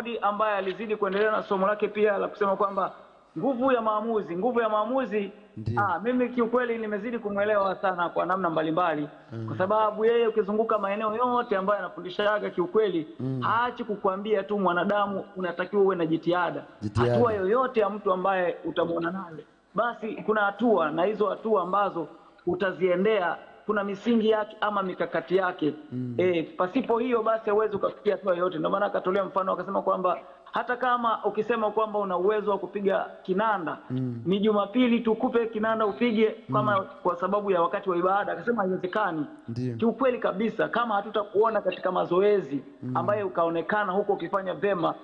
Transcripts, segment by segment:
Modi ambaye alizidi kuendelea na somo lake pia la kusema kwamba nguvu ya maamuzi, nguvu ya maamuzi. Aa, ah, mimi kiukweli nimezidi kumwelewa sana kwa namna mbalimbali mm. kwa sababu yeye ukizunguka maeneo yote ambayo anafundishaga kiukweli mm. haachi kukuambia tu mwanadamu unatakiwa uwe na jitihada. Jitihada hatua yoyote ya mtu ambaye utamwona naye, basi kuna hatua na hizo hatua ambazo utaziendea kuna misingi yake ama mikakati yake mm. E, pasipo hiyo basi hauwezi ukafikia hatua yoyote. Ndio maana akatolea mfano akasema kwamba hata kama ukisema kwamba una uwezo wa kupiga kinanda mm. ni Jumapili tukupe kinanda upige kama mm. kwa sababu ya wakati wa ibada, akasema haiwezekani. Kiukweli kabisa, kama hatutakuona katika mazoezi mm. ambayo ukaonekana huko ukifanya vema,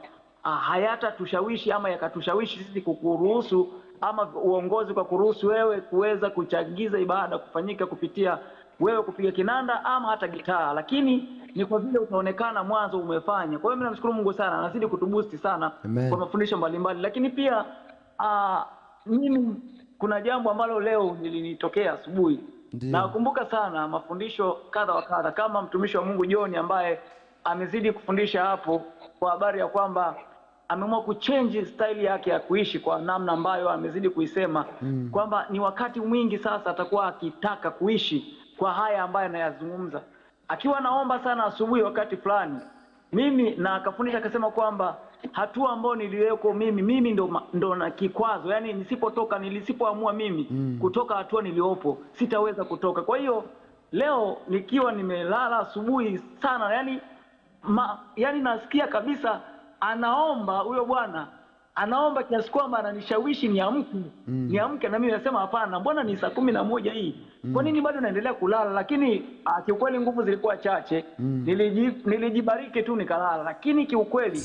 ah, hayatatushawishi ama yakatushawishi sisi kukuruhusu ama uongozi kwa kuruhusu wewe kuweza kuchagiza ibada kufanyika kupitia wewe kupiga kinanda ama hata gitaa, lakini ni kwa vile utaonekana mwanzo umefanya. Kwa hiyo mimi namshukuru Mungu sana, anazidi kutubusti sana Amen. kwa mafundisho mbalimbali, lakini pia aa, ah, mimi kuna jambo ambalo leo nilinitokea asubuhi nakumbuka sana mafundisho kadha wa kadha, kama mtumishi wa Mungu John ambaye amezidi kufundisha hapo kwa habari ya kwamba ameamua kuchange style yake ya kuishi kwa namna ambayo amezidi kuisema mm. kwamba ni wakati mwingi sasa atakuwa akitaka kuishi kwa haya ambayo anayazungumza, akiwa naomba sana asubuhi wakati fulani mimi na akafundisha akasema kwamba hatua ambayo niliweko mimi mimi ndo, ndo na kikwazo yani, nisipotoka nilisipoamua mimi mm. kutoka hatua niliopo sitaweza kutoka. Kwa hiyo leo nikiwa nimelala asubuhi sana yani, ma, yani nasikia kabisa anaomba huyo bwana anaomba kiasi kwamba ananishawishi niamke mm. niamke na mimi nasema hapana, mbona ni saa kumi na moja hii mm. kwa nini bado naendelea kulala? Lakini ah, kiukweli nguvu zilikuwa chache mm. Niliji, nilijibariki tu nikalala, lakini kiukweli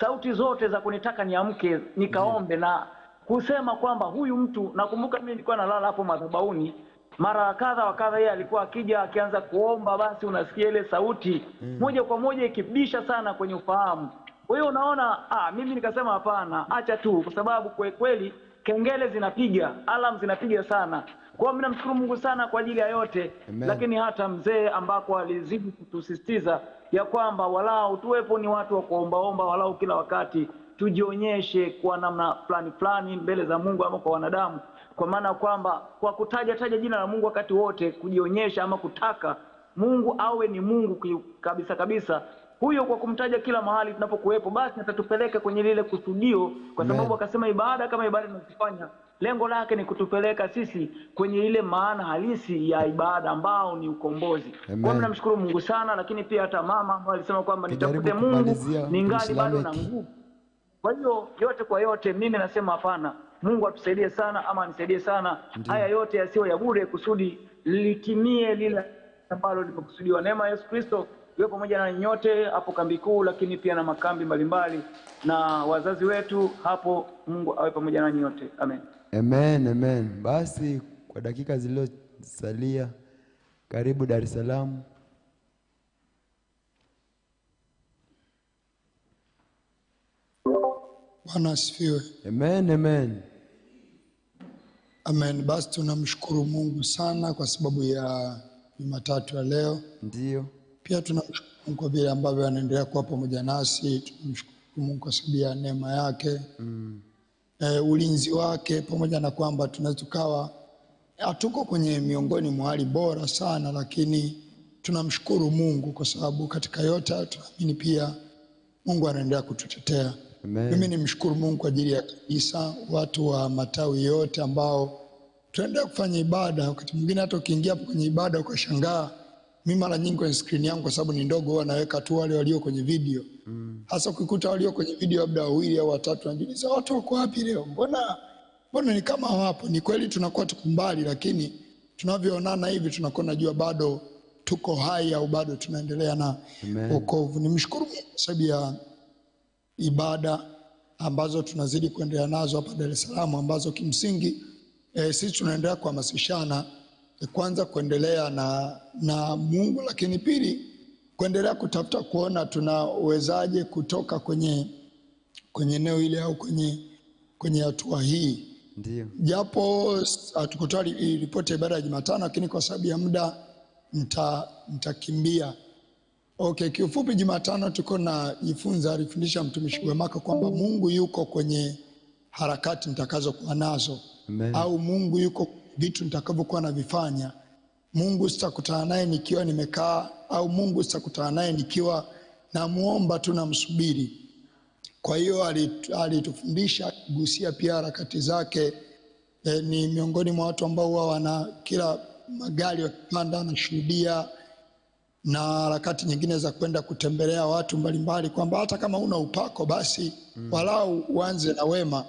sauti zote za kunitaka niamke nikaombe mm. na kusema kwamba huyu mtu, nakumbuka mimi nilikuwa nalala hapo madhabauni mara kadha wa kadha, yeye alikuwa akija akianza kuomba, basi unasikia ile sauti mm. moja kwa moja ikibisha sana kwenye ufahamu kwa hiyo unaona, ah, mimi nikasema hapana, acha tu, kwa sababu kwa kweli kengele zinapiga, alam zinapiga sana. Kwa hiyo namshukuru Mungu sana kwa ajili ya yote Amen. Lakini hata mzee ambako alizidi kutusisitiza ya kwamba walau tuwepo ni watu wa kuombaomba, walau kila wakati tujionyeshe kwa namna fulani fulani mbele za Mungu ama kwa wanadamu, kwa maana kwamba kwa kutaja taja jina la Mungu wakati wote, kujionyesha ama kutaka Mungu awe ni Mungu kabisa kabisa, huyo kwa kumtaja kila mahali tunapokuwepo, basi atatupeleka kwenye lile kusudio, kwa sababu akasema ibada kama ibada inazifanya lengo lake ni kutupeleka sisi kwenye ile maana halisi ya ibada ambao ni ukombozi. Kwa namshukuru Mungu sana, lakini pia hata mama ambaye alisema kwamba nitafute Mungu ningali bado na nguvu. Kwa hiyo yote kwa yote, mimi nasema hapana, Mungu atusaidie sana, ama anisaidie sana, haya yote yasiyo ya bure, kusudi litimie lile ambalo limekusudiwa. Neema Yesu Kristo iwe pamoja na nyote hapo kambi kuu, lakini pia na makambi mbalimbali na wazazi wetu hapo. Mungu awe pamoja na nyote amen. Amen, amen. Basi kwa dakika zilizosalia, karibu Dar es Salaam. Bwana asifiwe. Amen, amen. Amen. Basi tunamshukuru Mungu sana kwa sababu ya Jumatatu ya leo. ndio pia tunamshukuru Mungu kwa vile ambavyo anaendelea kuwa pamoja nasi. Tunamshukuru Mungu kwa sababu ya neema yake mm. E, ulinzi wake, pamoja na kwamba tunaweza tukawa hatuko kwenye miongoni mwa hali bora sana, lakini tunamshukuru Mungu kwa sababu katika yote tunaamini pia Mungu anaendelea kututetea. Mimi nimshukuru Mungu kwa ajili ya kanisa, watu wa matawi yote ambao tunaendelea kufanya ibada. Wakati mwingine hata ukiingia hapo kwenye ibada ukashangaa mi mara nyingi kwenye skrini yangu, kwa sababu ni ndogo, huwa naweka tu wale walio kwenye video mm. hasa ukikuta walio kwenye video labda wawili au watatu, najiuliza watu wako wapi leo, mbona mbona ni kama hawapo. Ni kweli tunakuwa tuko mbali, lakini tunavyoonana hivi tunakuwa najua bado tuko hai au bado tunaendelea na wokovu. Nimshukuru Mungu kwa sababu ya ibada ambazo tunazidi kuendelea nazo hapa Dar es Salaam, ambazo kimsingi eh, sisi tunaendelea kuhamasishana ni kwanza kuendelea na, na Mungu, lakini pili kuendelea kutafuta kuona tunawezaje kutoka kwenye kwenye eneo ile au kwenye kwenye hatua hii. Japo hatukutoa ripoti ya ibada ya Jumatano, lakini kwa sababu ya muda nitakimbia. Okay, kiufupi Jumatano tuko na jifunza, alifundisha mtumishi Gwamaka kwamba Mungu yuko kwenye harakati mtakazokuwa nazo, au Mungu yuko vitu nitakavyokuwa navifanya. Mungu sitakutana naye nikiwa nimekaa, au Mungu sitakutana naye nikiwa namwomba tu namsubiri. Kwa hiyo alitufundisha akigusia pia harakati zake. E, ni miongoni mwa watu ambao huwa wana kila magari wakipanda wanashuhudia na harakati nyingine za kwenda kutembelea watu mbalimbali, kwamba hata kama una upako basi mm, walau uanze na wema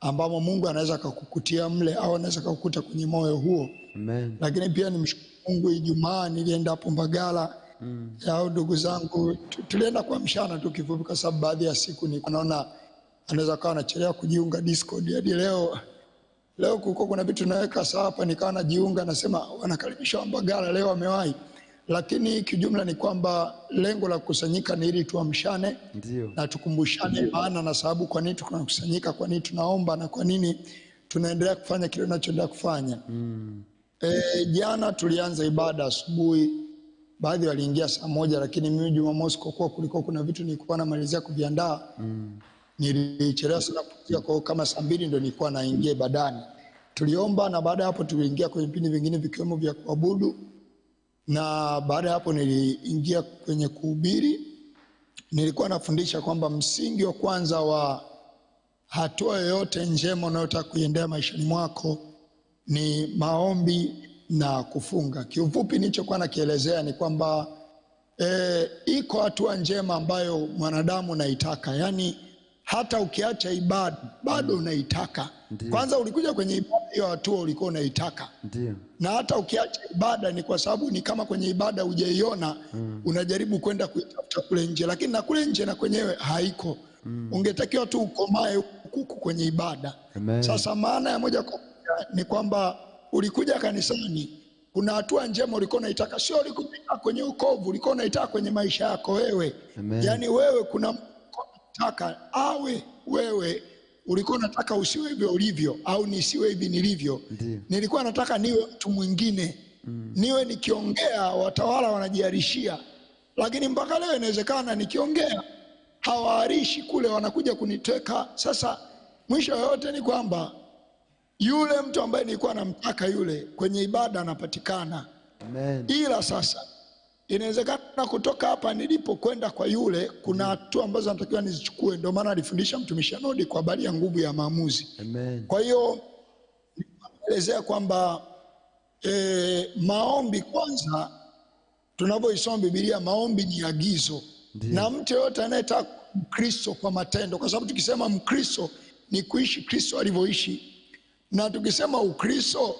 ambamo Mungu anaweza akakukutia mle au anaweza akakukuta kwenye moyo huo. Amen. Lakini pia nimshukuru Mungu, Ijumaa nilienda hapo Mbagala mm. au ndugu zangu tulienda kwa mshana tu kifupi, kwa sababu baadhi ya siku ni naona anaweza kawa anachelewa kujiunga Discord hadi leo. Leo kuko kuna vitu naweka saa hapa, nikawa najiunga nasema wanakaribisha Mbagala leo wamewahi lakini kijumla ni kwamba lengo la kukusanyika ni ili tuamshane na tukumbushane maana na sababu kwa nini tunakusanyika, kwa nini tunaomba na kwa nini tunaendelea kufanya kile tunachoendelea kufanya. Mm. E, jana tulianza ibada asubuhi, baadhi waliingia saa moja, lakini mimi Jumamosi kwa kuwa kulikuwa kuna vitu nilikuwa namalizia kuviandaa mm. nilichelewa sana kufika, kwa kama saa mbili ndio nilikuwa naingia ibadani. Tuliomba na baada ya hapo tuliingia kwenye vipindi vingine vikiwemo vya kuabudu na baada ya hapo niliingia kwenye kuhubiri. Nilikuwa nafundisha kwamba msingi wa kwanza wa hatua yoyote njema unayotaka kuiendea maishani mwako ni maombi na kufunga. Kiufupi, nilichokuwa nakielezea ni kwamba e, iko hatua njema ambayo mwanadamu naitaka, yaani hata ukiacha ibada bado mm. unaitaka Ndiyo. Kwanza ulikuja kwenye ibada hiyo hatua ulikuwa unaitaka Ndiyo. Na hata ukiacha ibada ni kwa sababu ni kama kwenye ibada hujaiona mm. unajaribu kwenda kuitafuta kule nje, lakini na kule nje na kwenyewe haiko mm. Ungetakiwa tu ukomae kuku kwenye ibada Amen. Sasa maana ya moja kwa moja ni kwamba ulikuja kanisani kuna hatua njema ulikuwa unaitaka, sio ulikuja kwenye ukovu, ulikuwa unaitaka kwenye maisha yako wewe, yani wewe kuna unataka awe wewe ulikuwa unataka usiwe hivi ulivyo, au nisiwe hivi nilivyo. Nilikuwa nataka niwe mtu mwingine mm. niwe nikiongea watawala wanajiarishia, lakini mpaka leo inawezekana nikiongea hawaarishi kule, wanakuja kuniteka. Sasa mwisho yoyote ni kwamba yule mtu ambaye nilikuwa namtaka yule kwenye ibada anapatikana, ila sasa Inawezekana kutoka hapa nilipo kwenda kwa yule, kuna mm. hatua ambazo natakiwa nizichukue. Ndio maana alifundisha mtumishi Anodi kwa habari ya nguvu ya maamuzi. Kwa hiyo elezea kwamba e, maombi kwanza, tunavyoisoma Biblia, maombi ni agizo Ndiyo. na mtu yoyote anayetaka Mkristo kwa matendo, kwa sababu tukisema Mkristo ni kuishi Kristo alivyoishi, na tukisema Ukristo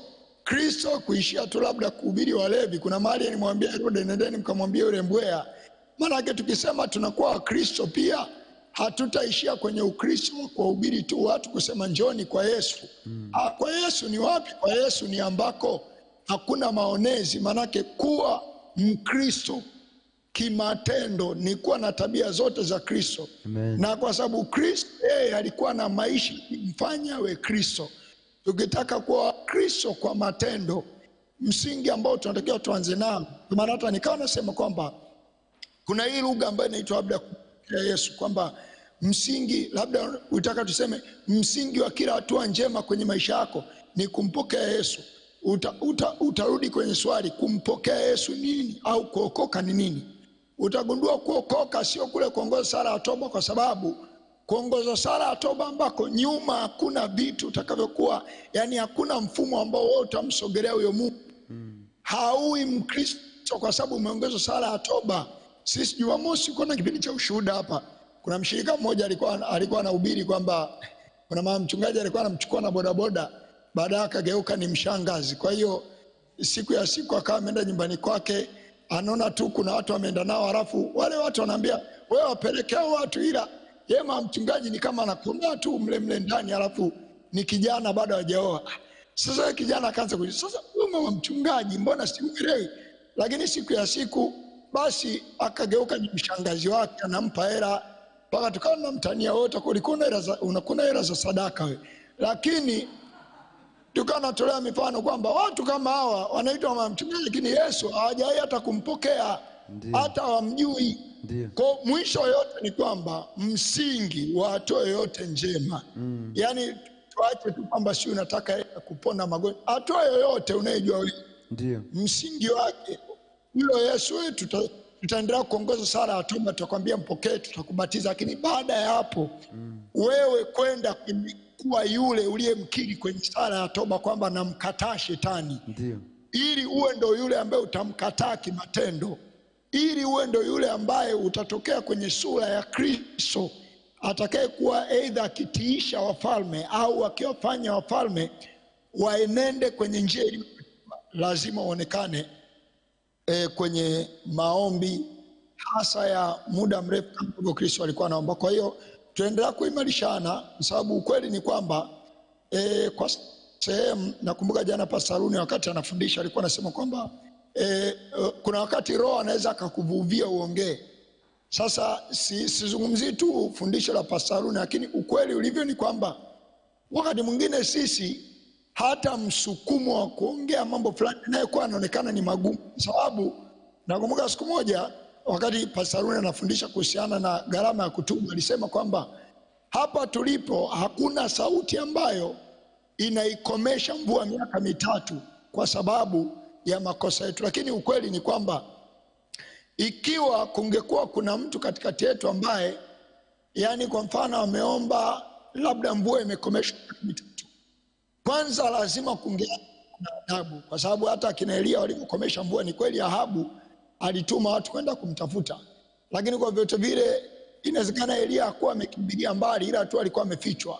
Kristo kuishia tu labda kuhubiri walevi. Kuna mahali alimwambia Herode, nendeni mkamwambia yule Maana Maanake tukisema tunakuwa Wakristo pia hatutaishia kwenye Ukristo hubiri tu watu kusema njoni kwa Yesu. Hmm. Ha, ah, kwa Yesu ni wapi? Kwa Yesu ni ambako hakuna maonezi. Maanake kuwa Mkristo kimatendo ni kuwa na tabia zote za Kristo, na kwa sababu Kristo yeye alikuwa na maisha kimfanya we Kristo. Tukitaka kuwa Wakristo kwa matendo, msingi ambao tunatakiwa tuanze nao, kwa maana hata nikawa nasema kwamba kuna hii lugha ambayo inaitwa labda ya Yesu kwamba msingi labda utaka tuseme msingi wa kila hatua njema kwenye maisha yako ni kumpokea Yesu. Uta, uta, utarudi kwenye swali kumpokea Yesu nini au kuokoka ni nini? Utagundua kuokoka sio kule kuongoza sara ya toba, kwa sababu kuongoza sala ya toba ambako nyuma hakuna vitu utakavyokuwa, yani hakuna mfumo ambao wewe utamsogelea huyo Mungu mm. haui Mkristo kwa sababu umeongeza sala ya toba. Sisi Jumamosi uko kipindi cha ushuhuda hapa, kuna mshirika mmoja alikuwa alikuwa anahubiri kwamba kuna mama mchungaji alikuwa anamchukua na bodaboda, baadaye akageuka ni mshangazi. Kwa hiyo siku ya siku akawa ameenda nyumbani kwake, anaona tu kuna watu wameenda nao, halafu wale watu wanaambia wewe wapelekea watu ila yema mchungaji ni kama anakomaa tu mle mle ndani, alafu ni kijana bado hajaoa. Sasa kijana akaanza kujiuliza, sasa huyu mama mchungaji, mbona simuelewi? Lakini siku ya siku basi akageuka ni mshangazi wake, anampa hela mpaka tukawa na mtania wote, unakuna hela za sadaka we. Lakini tukawa natolea mifano kwamba watu kama hawa wanaitwa mama mchungaji, lakini Yesu hawajawai hata kumpokea hata wamjui. Kwa mwisho yote ni kwamba msingi wa hatua yoyote njema mm. Yaani tuache tu kwamba si unataka kupona magonjwa, hatua yoyote unayejua wewe ndio msingi wake hilo Yesu wetu tutaendelea kuongoza sala ya toba, tutakwambia mpokee, tutakubatiza. Lakini baada ya hapo mm. wewe kwenda kuwa yule uliyemkiri kwenye sala ya toba kwamba namkataa shetani, Ndiyo. ili uwe ndo yule ambaye utamkataa kimatendo ili uwe ndo yule ambaye utatokea kwenye sura ya Kristo atakayekuwa aidha akitiisha wafalme au akiwafanya wafalme waenende kwenye njia iliyo, lazima uonekane e, kwenye maombi hasa ya muda mrefu kama Kristo alikuwa anaomba. Kwa hiyo tunaendelea kuimarishana, sababu ukweli ni kwamba e, kwa sehemu nakumbuka jana Pastor Runi wakati anafundisha alikuwa anasema kwamba E, e, kuna wakati roho anaweza akakuvuvia uongee. Sasa si, sizungumzii tu fundisho la pasaruni, lakini ukweli ulivyo ni kwamba wakati mwingine sisi hata msukumo wa kuongea mambo fulani anayekuwa anaonekana ni magumu, kwa sababu nakumbuka siku moja wakati pasaruni anafundisha kuhusiana na gharama ya kutubu, alisema kwamba hapa tulipo hakuna sauti ambayo inaikomesha mvua miaka mitatu, kwa sababu ya makosa yetu, lakini ukweli ni kwamba ikiwa kungekuwa kuna mtu katikati yetu ambaye, yani kwa mfano ameomba labda mvua imekomeshwa mitatu, kwanza lazima kunge na adabu, kwa sababu hata akina Elia walivyokomesha mvua, ni kweli Ahabu alituma watu kwenda kumtafuta, lakini kwa vyote vile inawezekana Elia hakuwa amekimbilia mbali, ila tu alikuwa amefichwa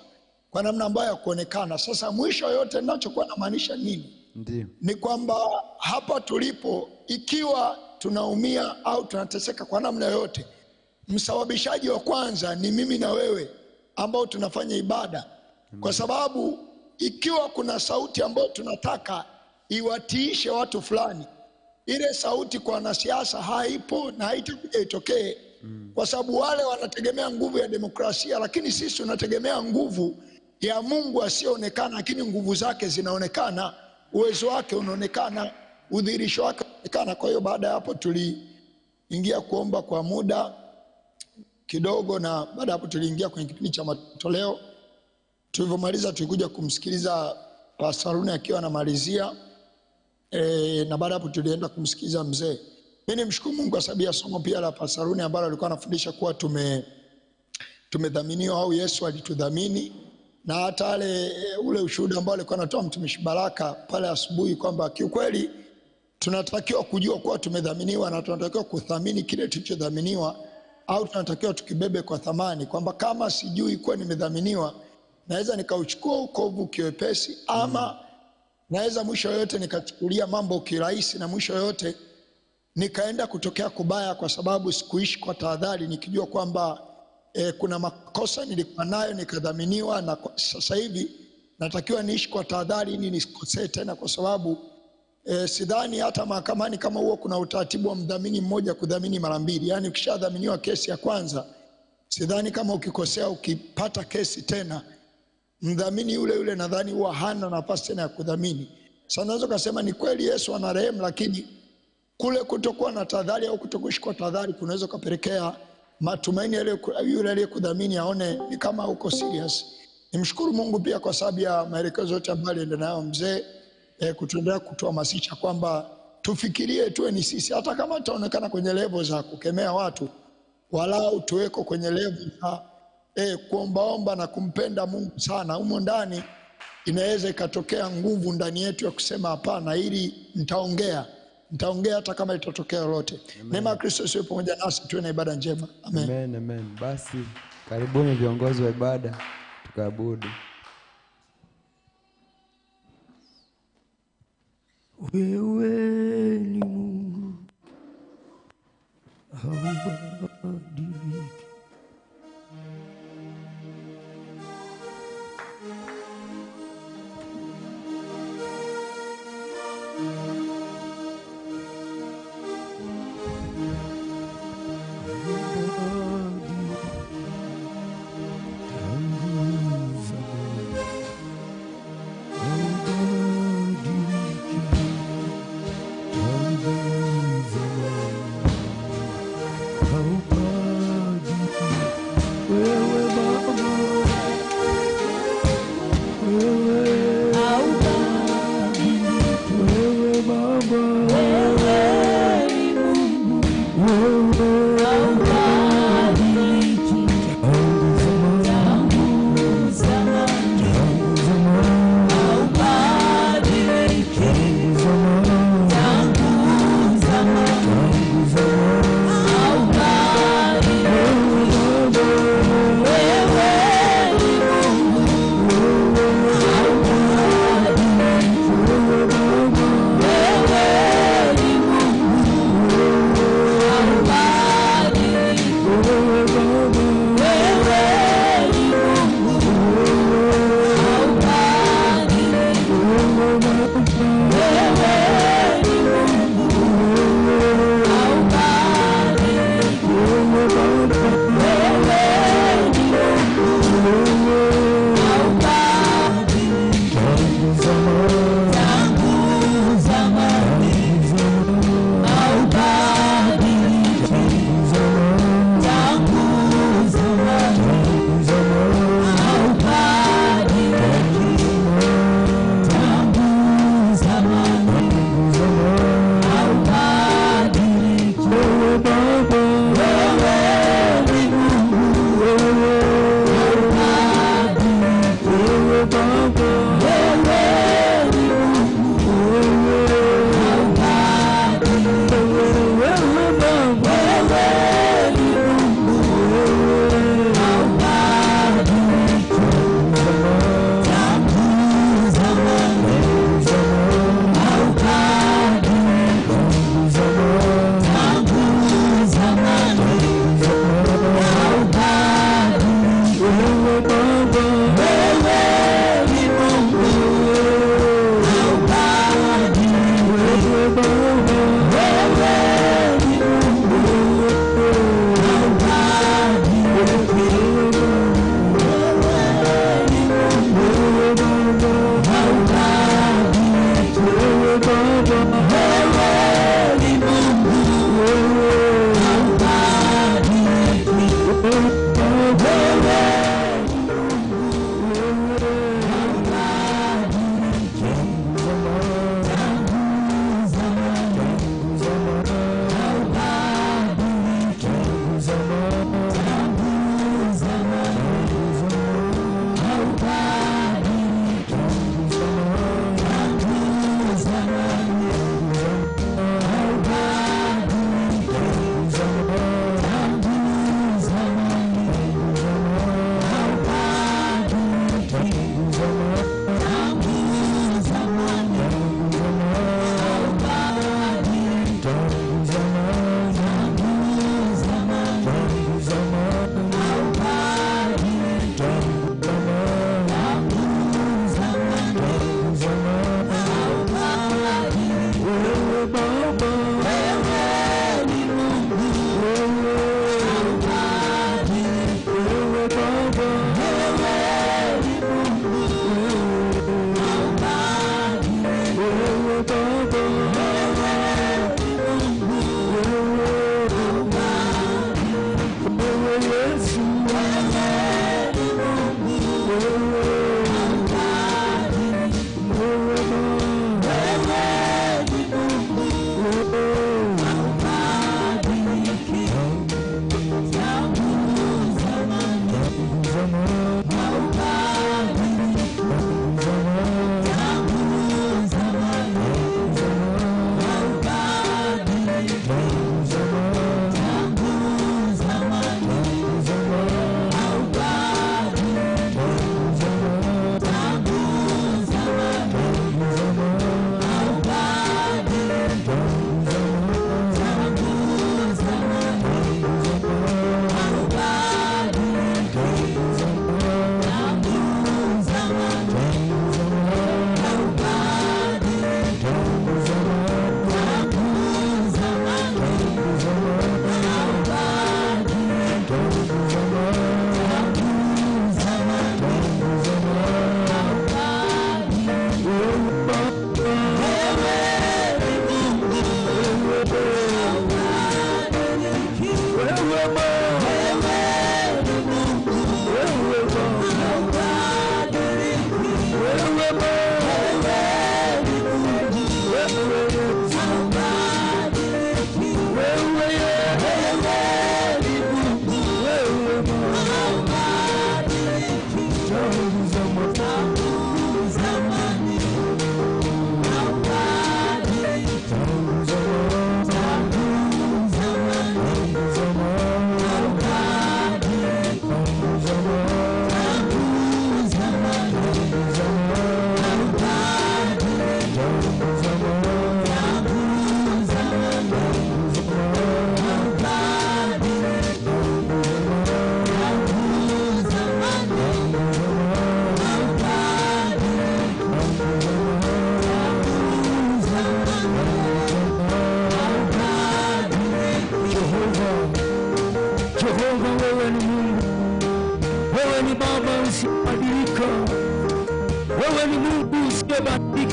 kwa namna ambayo ya kuonekana. Sasa mwisho yote, ninachokuwa namaanisha nini? Ndiyo. Ni kwamba hapa tulipo, ikiwa tunaumia au tunateseka kwa namna yoyote, msababishaji wa kwanza ni mimi na wewe ambao tunafanya ibada, kwa sababu ikiwa kuna sauti ambayo tunataka iwatiishe watu fulani, ile sauti kwa wanasiasa haipo na haitakuja itokee, mm. kwa sababu wale wanategemea nguvu ya demokrasia, lakini sisi tunategemea nguvu ya Mungu asiyeonekana, lakini nguvu zake zinaonekana uwezo wake unaonekana, udhihirisho wake unaonekana. Kwa hiyo baada ya hapo tuliingia kuomba kwa muda kidogo, na baada ya hapo tuliingia kwenye kipindi cha matoleo. Tulivyomaliza tulikuja kumsikiliza Pastor akiwa anamalizia e, na baada hapo tulienda kumsikiliza mzee. mi ni mshukuru Mungu kwa sababu ya somo pia la Pastor ambalo alikuwa anafundisha kuwa tume tumedhaminiwa au Yesu alitudhamini na hata ale eh, ule ushuhuda ambao alikuwa anatoa mtumishi Baraka pale asubuhi kwamba kiukweli tunatakiwa kujua kuwa tumedhaminiwa na tunatakiwa kuthamini kile tulichodhaminiwa, au tunatakiwa tukibebe kwa thamani, kwamba kama sijui kuwa nimedhaminiwa, naweza nikauchukua ukovu kiwepesi, ama naweza mwisho yoyote nikachukulia mambo kirahisi, na mwisho yoyote nikaenda kutokea kubaya, kwa sababu sikuishi kwa tahadhari, nikijua kwamba e, kuna makosa nilikuwa nayo nikadhaminiwa, na sasa hivi natakiwa niishi kwa tahadhari ili nisikosee tena, kwa sababu e, sidhani hata mahakamani kama huo kuna utaratibu wa mdhamini mmoja kudhamini mara mbili. Yani ukishadhaminiwa kesi ya kwanza, sidhani kama ukikosea ukipata kesi tena mdhamini yule yule nadhani huwa hana nafasi tena ya kudhamini. Sasa naweza kusema ni kweli Yesu ana rehemu, lakini kule kutokuwa na tahadhari au kutokushikwa tahadhari kunaweza kupelekea matumaini yule aliyekudhamini aone ni kama uko serious. Nimshukuru Mungu pia kwa sababu ya maelekezo yote ambayo alienda nayo mzee eh, kutuendelea kutuhamasisha kwamba tufikirie tuwe ni sisi, hata kama tutaonekana kwenye levo za kukemea watu, walau tuweko kwenye levo za eh, kuombaomba na kumpenda Mungu sana. Humo ndani inaweza ikatokea nguvu ndani yetu ya kusema hapana, ili nitaongea nitaongea hata kama itatokea lolote. Neema ya Kristo sio pamoja nasi, tuwe na ibada njema. Amen. Amen, amen. Basi karibuni viongozi wa ibada tukaabudu. Wewe ni Mungu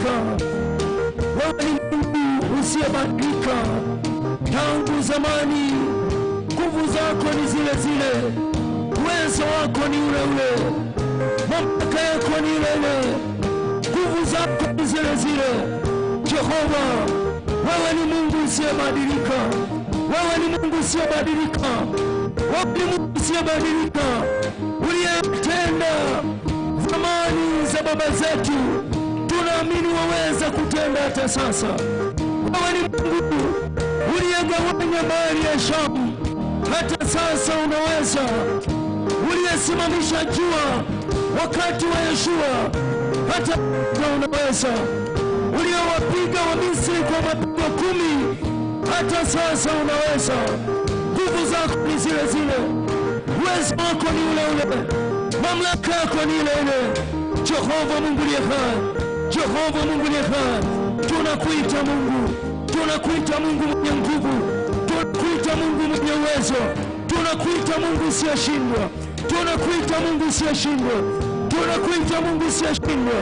usiyobadilika, wewe ni Mungu usiyebadilika tangu zamani. Nguvu zako ni zile zile, uwezo wako ni ule ule, mamlaka yako ni ile ile, nguvu zako ni zile zile. Jehova, wewe ni Mungu usiyebadilika, wewe ni Mungu usiyebadilika, wewe ni Mungu usiyebadilika uliyetenda zamani za baba zetu unayokwenda hata sasa. Wewe ni Mungu uliyegawanya bahari ya Shamu, hata sasa unaweza. Uliyesimamisha jua wakati wa yeshua hata unaweza. wa Wamisri kwa mapigo kumi, hata sasa unaweza. Nguvu zako ni zile zile, uwezo wako ni ule ule, mamlaka yako ni ile ile. Jehova Mungu liye hai Jehova Mungu liyefaa, tunakuita Mungu, tunakuita Mungu mwenye nguvu, tunakuita Mungu mwenye uwezo, tunakuita Mungu usiyoshindwa, tunakuita Mungu usiyoshindwa, tunakuita Mungu usiyoshindwa,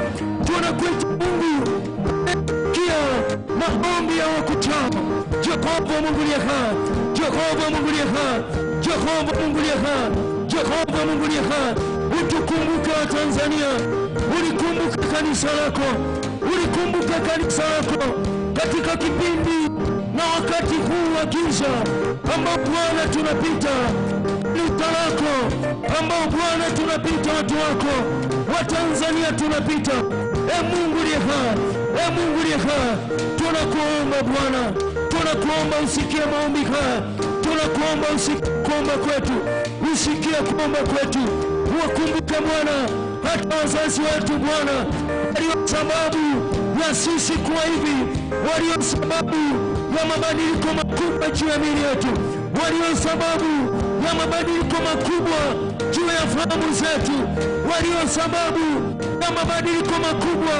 tunakuita Mungu kia maombi ya wakutano. Jehova Mungu liyefaa, Jehova Mungu liyefaa, Jehova Mungu liyefaa, Jehova Mungu liyefaa, utukumbuke wa Tanzania Kumbuka kanisa lako, ulikumbuka kanisa lako katika kipindi na wakati huu wa giza ambao Bwana tunapita, lita lako ambao Bwana tunapita, watu wako wa Tanzania tunapita. E Mungu liye hai, e Mungu liye hai, tunakuomba Bwana, tunakuomba usikie maombi haya, tunakuomba usikie kuomba kwetu, usikie kuomba kwetu, wakumbuke Bwana hata wazazi wetu Bwana, walio sababu ya sisi kuwa hivi, walio sababu ya mabadiliko makubwa juu ya mili yetu, walio sababu ya mabadiliko makubwa juu ya fahamu zetu, walio sababu ya mabadiliko makubwa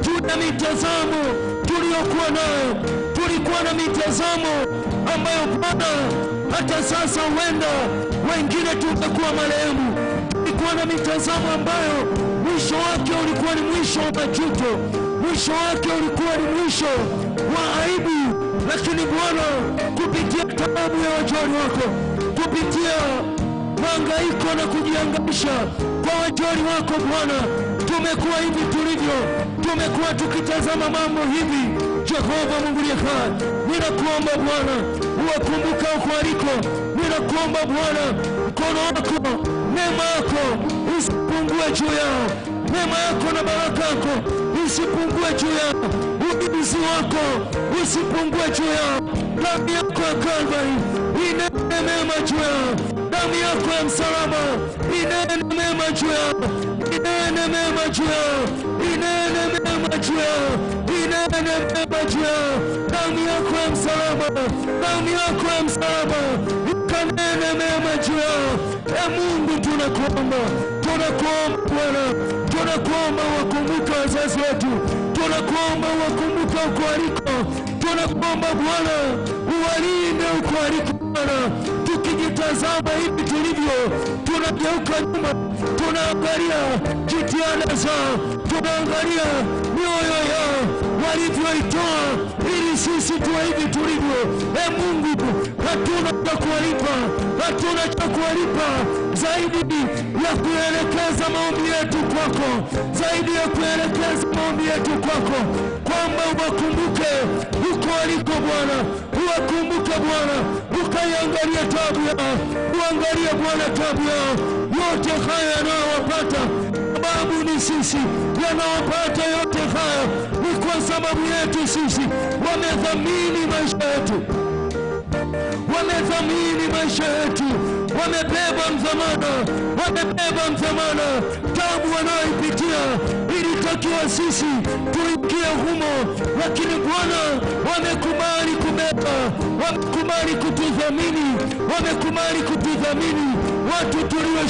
juu ya mitazamo tuliyokuwa nayo. Tulikuwa na mitazamo ambayo Bwana, hata sasa huenda wengine tutakuwa marehemu Kulikuwa na mitazamo ambayo mwisho wake ulikuwa ni mwisho wa majuto, mwisho wake ulikuwa ni mwisho wa aibu. Lakini Bwana, kupitia taabu ya wajoli wako, kupitia mahangaiko na kujiangaisha kwa wajoli wako Bwana, tumekuwa hivi tulivyo, tumekuwa tukitazama mambo hivi. Jehova Mungu liyekaa, ninakuomba Bwana, uwakumbuka uko ninakuomba Bwana, mkono wako neema yako isipungue juu yao, neema yako na baraka yako isipungue juu yao, ujuzi wako usipungue juu yao, damu yako ya Kalvari inene mema juu yao, damu yako ya msalaba inene mema juu yao, inene mema juu yao, inene mema juu yao, inene mema juu yao, damu yako ya msalaba, damu yako ya msalaba ukanene mema juu yao. E Mungu, tunakuomba, tunakuomba Bwana, tunakuomba wakumbuka wazazi wetu, tunakuomba wakumbuka uko waliko, tunakuomba Bwana uwalinde uko waliko Bwana. Tukijitazama hivi tulivyo, tunageuka nyuma, tunaangalia jitihada zao, tunaangalia mioyo yao walivyoitoa ili sisi tuwe hivi tulivyo. E Mungu, hatuna cha kuwalipa, hatuna cha kuwalipa zaidi ya kuelekeza maombi yetu kwako, zaidi ya kuelekeza maombi yetu kwako, kwamba uwakumbuke huko waliko Bwana, uwakumbuke Bwana, ukaiangalia tabu yao, uangalie Bwana tabu yao, yote haya yanayowapata sababu ni sisi, yanayopata yote haya ni kwa sababu yetu sisi. Wamedhamini maisha yetu, wamedhamini maisha yetu, wamebeba mdhamana wamebeba mdhamana Tabu wanayoipitia ilitakiwa sisi tuingie humo, lakini Bwana wamekubali kubeba, wamekubali kutudhamini, wamekubali kutudhamini watu tulio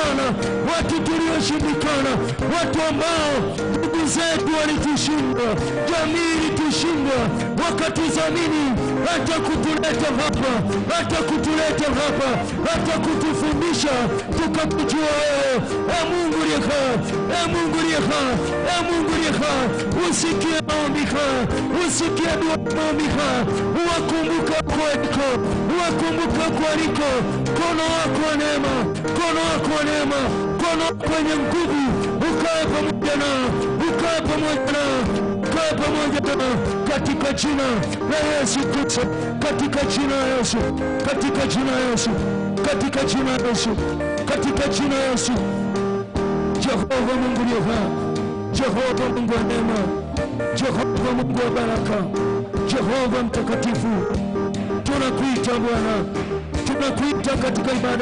tulioshindikana, watu tulioshindikana, watu ambao ndugu zetu walitushinda, jamii ilitushinda, wakatuzamini hata kutuleta hapa, hata kutuleta hapa, hata kutufundisha tukakujua wewe. E Mungu liha, e Mungu liha, e Mungu liha, usikie maombi haya, usikie dua maombi haya, uwakumbuka kwaliko, uwakumbuka kwaliko, mkono wako wa neema, mkono wako wa neema, mkono wako wenye nguvu, ukae pamoja nao, ukae pamoja nao tukae pamoja katika jina la Yesu Kristo, katika jina la Yesu, katika jina la Yesu, katika jina la Yesu, katika jina la Yesu. Jehova Mungu liovaa, Jehova Mungu wa neema, Jehova Mungu wa baraka, Jehova mtakatifu, tunakuita Bwana, tunakuita katika ibada